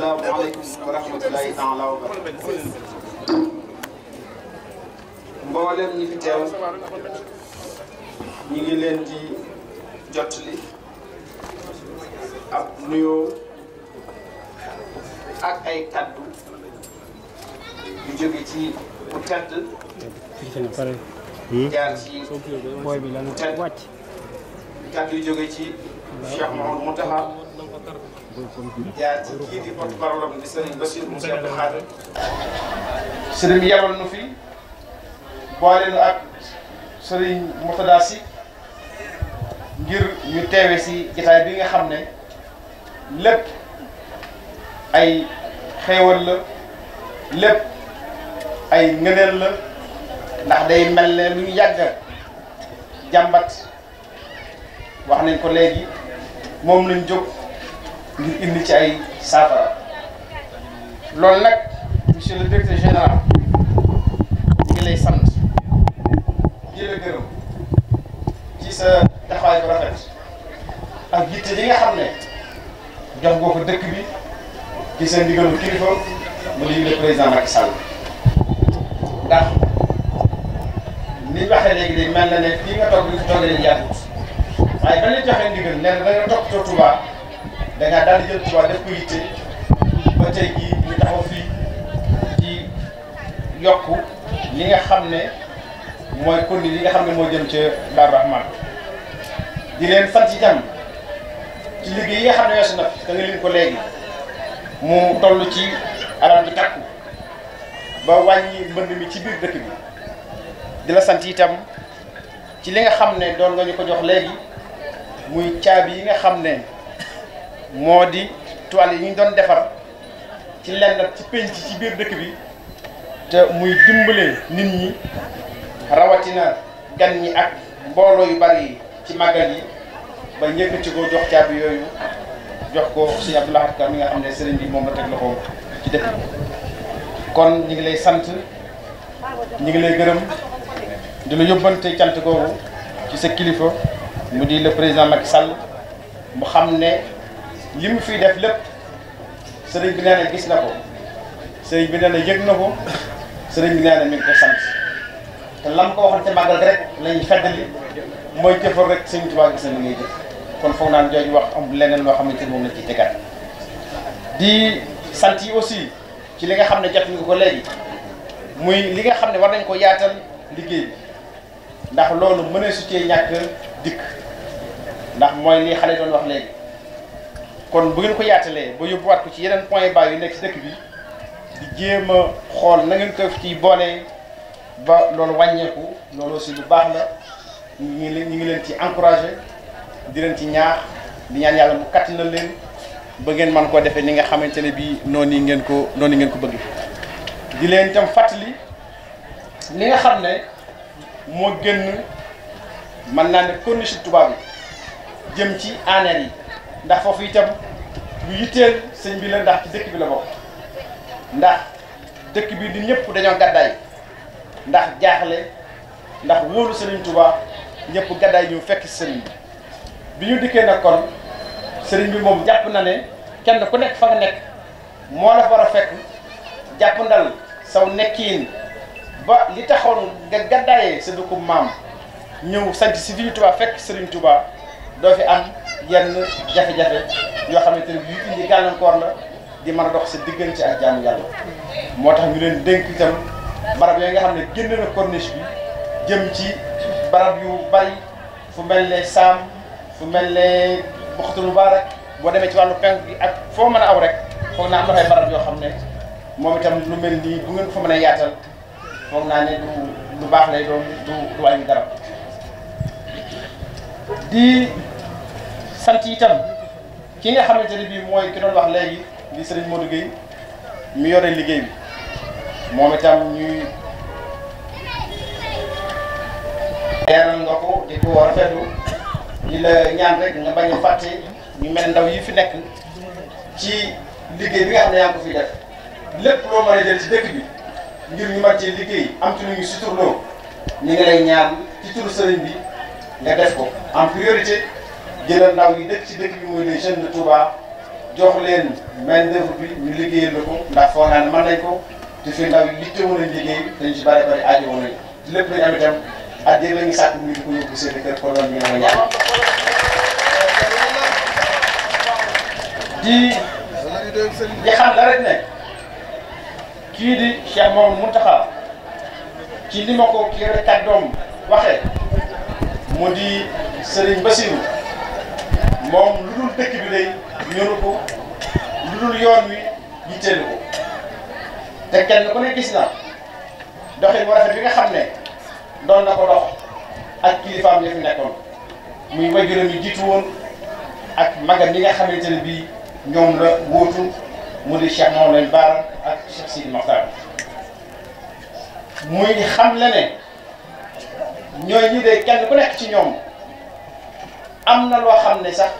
asalaamualeykum wa rahmatulahi taala wa barakatu mboolem ñi fi teew ñi ngi leen di jotli ab nuyoo ak ay kaddu yu jóge ci ku tedd jaar kaddu yu jóge Cheikh Mouhamadou Mountakha jaar ci kii di porte parole am di Serigne Bassir mu Cheikh Abdou Khadre Serigne bi yebal nu fi boole nu ak Serigne Murtada Sy ngir ñu teewe si jotaay bi nga xam ne lépp ay xéewal la lépp ay ngëneel la ndax day mel ne lu ñu yàgg jàmbat wax nañ ko léegi moom lañ jóg ngir indi ci ay saafara loolu nag monsieur le directeur général ngi lay sant di la ci sa taxawaay bu rafet ak yitte li nga xam ne jox nga ko dëkk bi ci seen ndigalu kilifa mu di le président Macky Sall ndax ni ñu léegi de mel na ne fii nga toog di toog waaye ba ñu joxee ndigal nee na da nga toppatoo Touba daal di jël Touba def ko yitte ba tey jii ñu taxaw fii ci yokk li nga xam ne mooy kon li nga xam ne moo jëm ca Darou Rahman di leen sant ci jàmm yi nga xam ne weesu na da nga leen mu toll ci alal mbënd mi ci biir dëkk bi di la sant itam ci li nga xam ne doon nga ñu ko jox léegi. muy caabi yi nga xam ne moo di toile yi ñu doon defar ci lenn ci penc ci biir dëkk bi te muy dimbale nit ñi rawatina gan ñi ak mbooloo yu bari yi ci màggal yi ba yëkkati ko jox caabi yooyu jox ko sëñ Abdou Lahad Ka mi nga xam ne sëriñ bi moom la teg loxo ci dëkk kon ñu ngi lay sant ñu ngi lay gërëm di la yóbbante cant ko ci sa kilifa mu di le président Macky Sall mu xam ne li mu fi def lépp sëriñ bi nee na gis na ko sëriñ bi nee a yëg na ko sëriñ bi nee na mi ngi ko sant te lam ko waxoon te màggal rek lañu feddali mooy jëfal rek sëriñ Tuubaa gis na li ngay jëf kon foog naan jooju wax am leneen loo xamante ni moom lañ ci tegaat di sant yi aussi ci li nga xam ne jot nga ko léegi muy li nga xam ne war nañ ko yaatal liggéey bi ndax loolu mënee su cee ñàkk dikk ndax mooy li xale doon wax léegi kon bu ngeen ko yaatalee ba yóbbuwaat ko ci yeneen point bas yu nekk ci dëkk bi di jéem a xool na ngeen ko ci boole ba loolu wàññeeku loolu aussi lu baax la ñu ngi leen ñu ngi leen ci encouragé di leen ci ñaax di ñaan yàlla mu kattanal leen ba ngeen man koo defee ni nga xamante ne bii noonu yi ngeen ko noonu ngeen ko bëgg di leen itam fàttali li nga xam ne moo gën mën naa ne corniche tubaab yi. jëm ci ANR yi ndax foofu itam lu yitteel sëñ bi la ndax ci dëkk bi la bokk ndax dëkk bi du ñëpp dañoo gàddaay ndax jaaxle ndax wóolu sëriñ Touba ñëpp gàddaay ñu fekk sëriñ bi ñu dikkee nag kon sëriñ bi moom jàpp na ne kenn ku nekk fa nga nekk moo la war a fekk jàpp ndal saw nekkiin ba li taxoon nga gàddaayee sa dëkku maam ñëw sanc si fi ñu Touba fekk sëriñ Touba. doo fi am yenn jafe-jafe yoo xamante ne bii indi gàllankoor la di mën a dox sa diggante ak jaamu yàlla. moo tax ñu leen dénk itam barab yooyu nga xam ne génn na corniche bi ci barab yu bari fu mel ne saam fu mel ne waxtu lu baax boo demee ci wàllu penk bi ak foo mën a aw rek foog naa am dafay barab yoo xam ne moom itam lu mel nii bu ngeen fa mën a yaatal foog naa ne du lu baax lay doon du du dara di. sant itam ki nga xamante ne bii mooy ki doon wax léegi di sëriñ Modou Gueye mi yore liggéey bi moom itam ñuy leeral nga ko di ko rafetlu di la ñaan rek nga bañ a fàtte ñu mel ndaw yi fi nekk ci liggéey bi nga xam ne yaa ngi ko fi def lépp loo mën a jël ci dëkk bi ngir ñu mag ci liggéey am ci lu ñu suturloo ñu ngi lay ñaan ci turu sëriñ bi nga def ko en priorité jëlal ndaw yi dëkk ci dëkk bi muy les jeunes de Touba jox leen main d'œuvre bi ñu liggéeyal la ko ndax foog naa ne ko te fii ndaw yi li te woon a liggéey dañ ci bari bari aajo woon nañ lépp lañ am itam at di ko la rek ne kii di Cheikh moom Mountakha ci li ko kii rek kàddoom waxee mu di Serigne Bassirou. moom lu dul dëkk bi day ñoru ko lu dul yoon wi yitteelu ko te kenn ku ne gis na doxin bu bi nga xam ne doon na ko dox ak kilifaam ya fi nekkoon muy wajuram yi jiitu woon ak magam yi nga xamante ne bii ñoom la wóotu mu di Cheikh moom leen baar ak Cheikh Sidi muy xam lene ne ñooy ñi de kenn ku nekk ci ñoom am na loo xam ne sax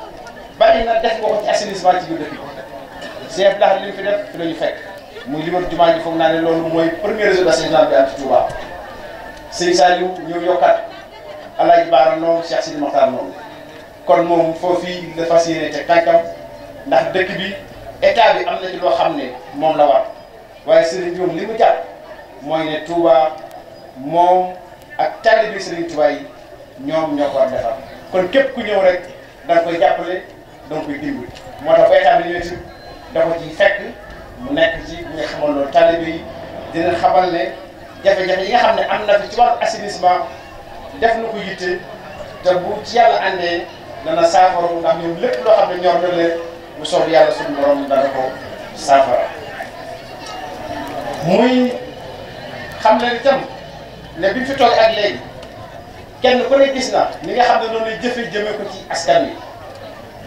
bari na def nga ko ci assainissement ci biir dëkk bi chef ndax li mu fi def fi la ñu fekk muy li war jumaa ji foog naa ne loolu mooy premier réseau d'assainissement bi am ci Touba Sëñ Saliou ñëw yokkaat Alaaji Baara noonu Cheikh Sidi Mokhtar noonu kon moom foofii la fas yéene teg tànkam ndax dëkk bi état bi am na ci loo xam ne moom la war waaye sëriñ ñoom li mu jàpp mooy ne Touba moom ak taalibe bi sëriñ Touba yi ñoom ñoo ko war defar kon képp ku ñëw rek da koy jàppale da nga koy dimbali moo tax bay xam ne ñëwee dafa ci fekk mu nekk ci bu nga xamal loolu talibé yi dina xamal ne jafe-jafe yi nga xam ne am na fi ci wàllu assainissement def na ko yitte te bu ci yàlla àndee dana saafara ndax ñoom lépp loo xam ne ñor na leen bu soob yàlla suñu borom dana ko saafara muy xam leen itam ne bi fi toog ak léegi. kenn ku ne gis na li nga xam ne noonu lay jëfe jëmee ko ci askan wi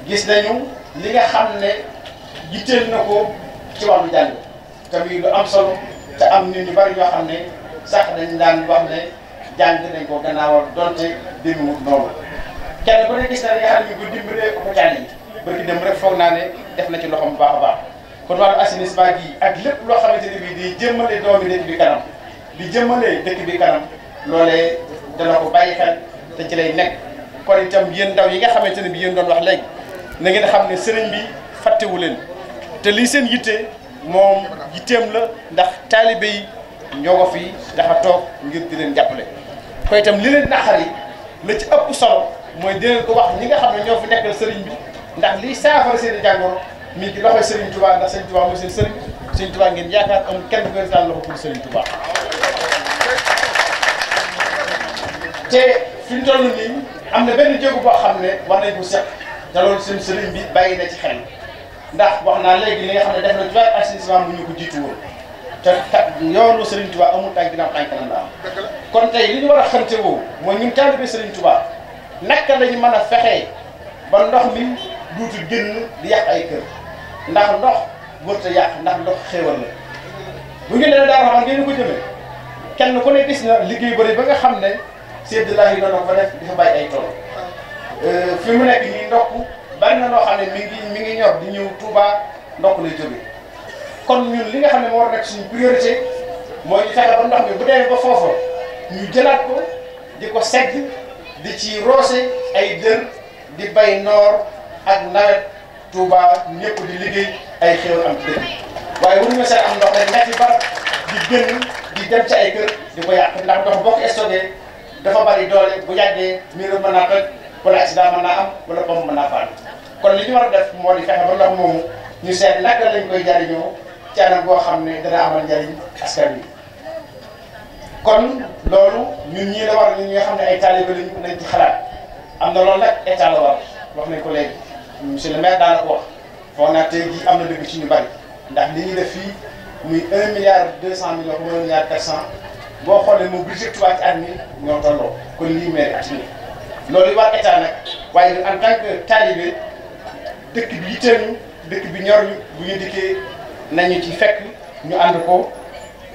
gis nañu li nga xam ne yitteel na ko ci wàllu jàng te muy lu am solo te am nit ñu bari ñoo xam ne sax dañ daan wax ne jàng nañ ko gannaawal donte demewut noonu kenn ku ne gis na li nga xam ne ñu ngi ko dimbalee hôpital yi barki dem rek foog naa ne def na ci loxo bu baax a baax kon wàllu assainissement gi ak lépp loo xamante ne bii di jëmmale doomi dëkk bi kanam di jëmmale dëkk bi kanam loolee dana ko bàyyi xel te ci lay nekk kon itam yéen ndaw yi nga xamante ne bi yéen doon wax léegi na ngeen xam ne sëriñ bi fattewu leen te li seen yitte moom yitteem la ndax taalibe yi ñoo ko fi tax a toog ngir di leen jàppale. koy itam li leen naqar yi la ci ëpp solo mooy di ko wax ñi nga xam ne ñoo fi nekkal sëriñ bi ndax liy saafara seen i jàngoro mi ngi loxo sëriñ Tuubaa ndax sëriñ Tuubaa mooy seen sëriñ sëriñ Tuubaa ngeen yaakaar am kenn ku ngeen sëriñ Tuubaa te fi ñu toll nii am na benn jéego boo xam ne war nañ ko set te loolu suñu sëriñ bi bàyyi na ci xel ndax wax naa léegi li nga xam ne def na ci wàllu assainissement bu ñu ko jiitu woon te kat yoonu Serigne Touba amul tànk dina am tànk lan la kon tey li ñu war a xamte woo mooy ñun taalibe Serigne Touba naka lañu mën a fexee ba ndox mi duuti génn di yàq ay kër ndax ndox wërta yàq ndax ndox xéewal la bu ngeen ne daa waxoon ngeen ko jëmee kenn ku ne gis na liggéey bëri ba nga xam ne sédd laa yi doon fa def di fa bàyyi ay tool euh, fi mu nekk ñuy ndokk bari na loo xam ne mi ngi mi ngi ñor di ñëw Touba ndokk lay jógee kon ñun li nga xam ne moo war nekk si priorité mooy ñu fexe ba mi bu dee ba foofa ñu jëlaat ko di ko di ci roose ay dër di bay noor ak nawet Touba ñëpp di liggéey ay xéw am ci waaye waruñu see am ndox rek nekk ci barab di génn di dem ci ay kër di ko yàq ndax ndox boo dafa bari doole bu yàggee miiram mën naa toj wala accident mën naa am wala bomb mën naa faal kon li ñu war a def moo di fexe ba ndox ñu seet naka lañ koy jariñoo ci anam xam ne dana amal njariñ askan wi loolu ñun ñii la war ñi nga xam ne ay taalibe lañ na loolu nag la war wax nañ ko le maire daana ko wax foog naa tey jii am na dëgg ci ñu bari ndax li ñuy def fii muy 1 milliard 200 cent ba 1 milliard boo xoolee mu budget trois ci at mi ñoo tolloo kon lii maire at mi loolu yi war état nag waaye en tant que talibé dëkk bi yitteel ñu dëkk bi ñor ñu bu ñu dikkee nañu ci fekk ñu ànd ko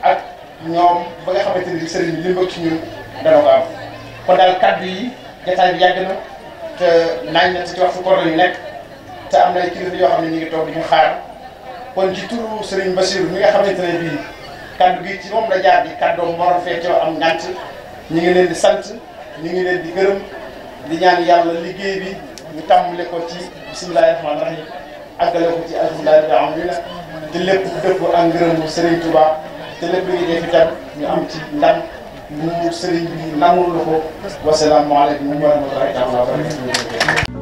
ak ñoom ba nga xamante ni sëriñ bi li ci ñun dana ko kon daal kaddu yi jotaay bi yàgg na te nañ na ci waxtu koor la nekk te am na kilifa yoo xam ne ñu ngi toog di ñu xaar kon ci turu sëriñ Bassirou mi nga xamante ne bii. kaddu gi ci moom la jaar di kaddoom war a feetoo am ngant ñu ngi leen di sant ñu ngi leen di gërëm di ñaan yàlla liggéey bi ñu tàmbale ko ci bisimilahi rahmaani rahim àggale ko ci alhamdulilahi ñu alamin te lépp dëpp ak ngërëmu Serigne Touba te lépp lu ñuy def itam ñu am ci ndam mu Serigne bi nangul la ko wasalaamualeykum wa rahmatullahi wa barakatuh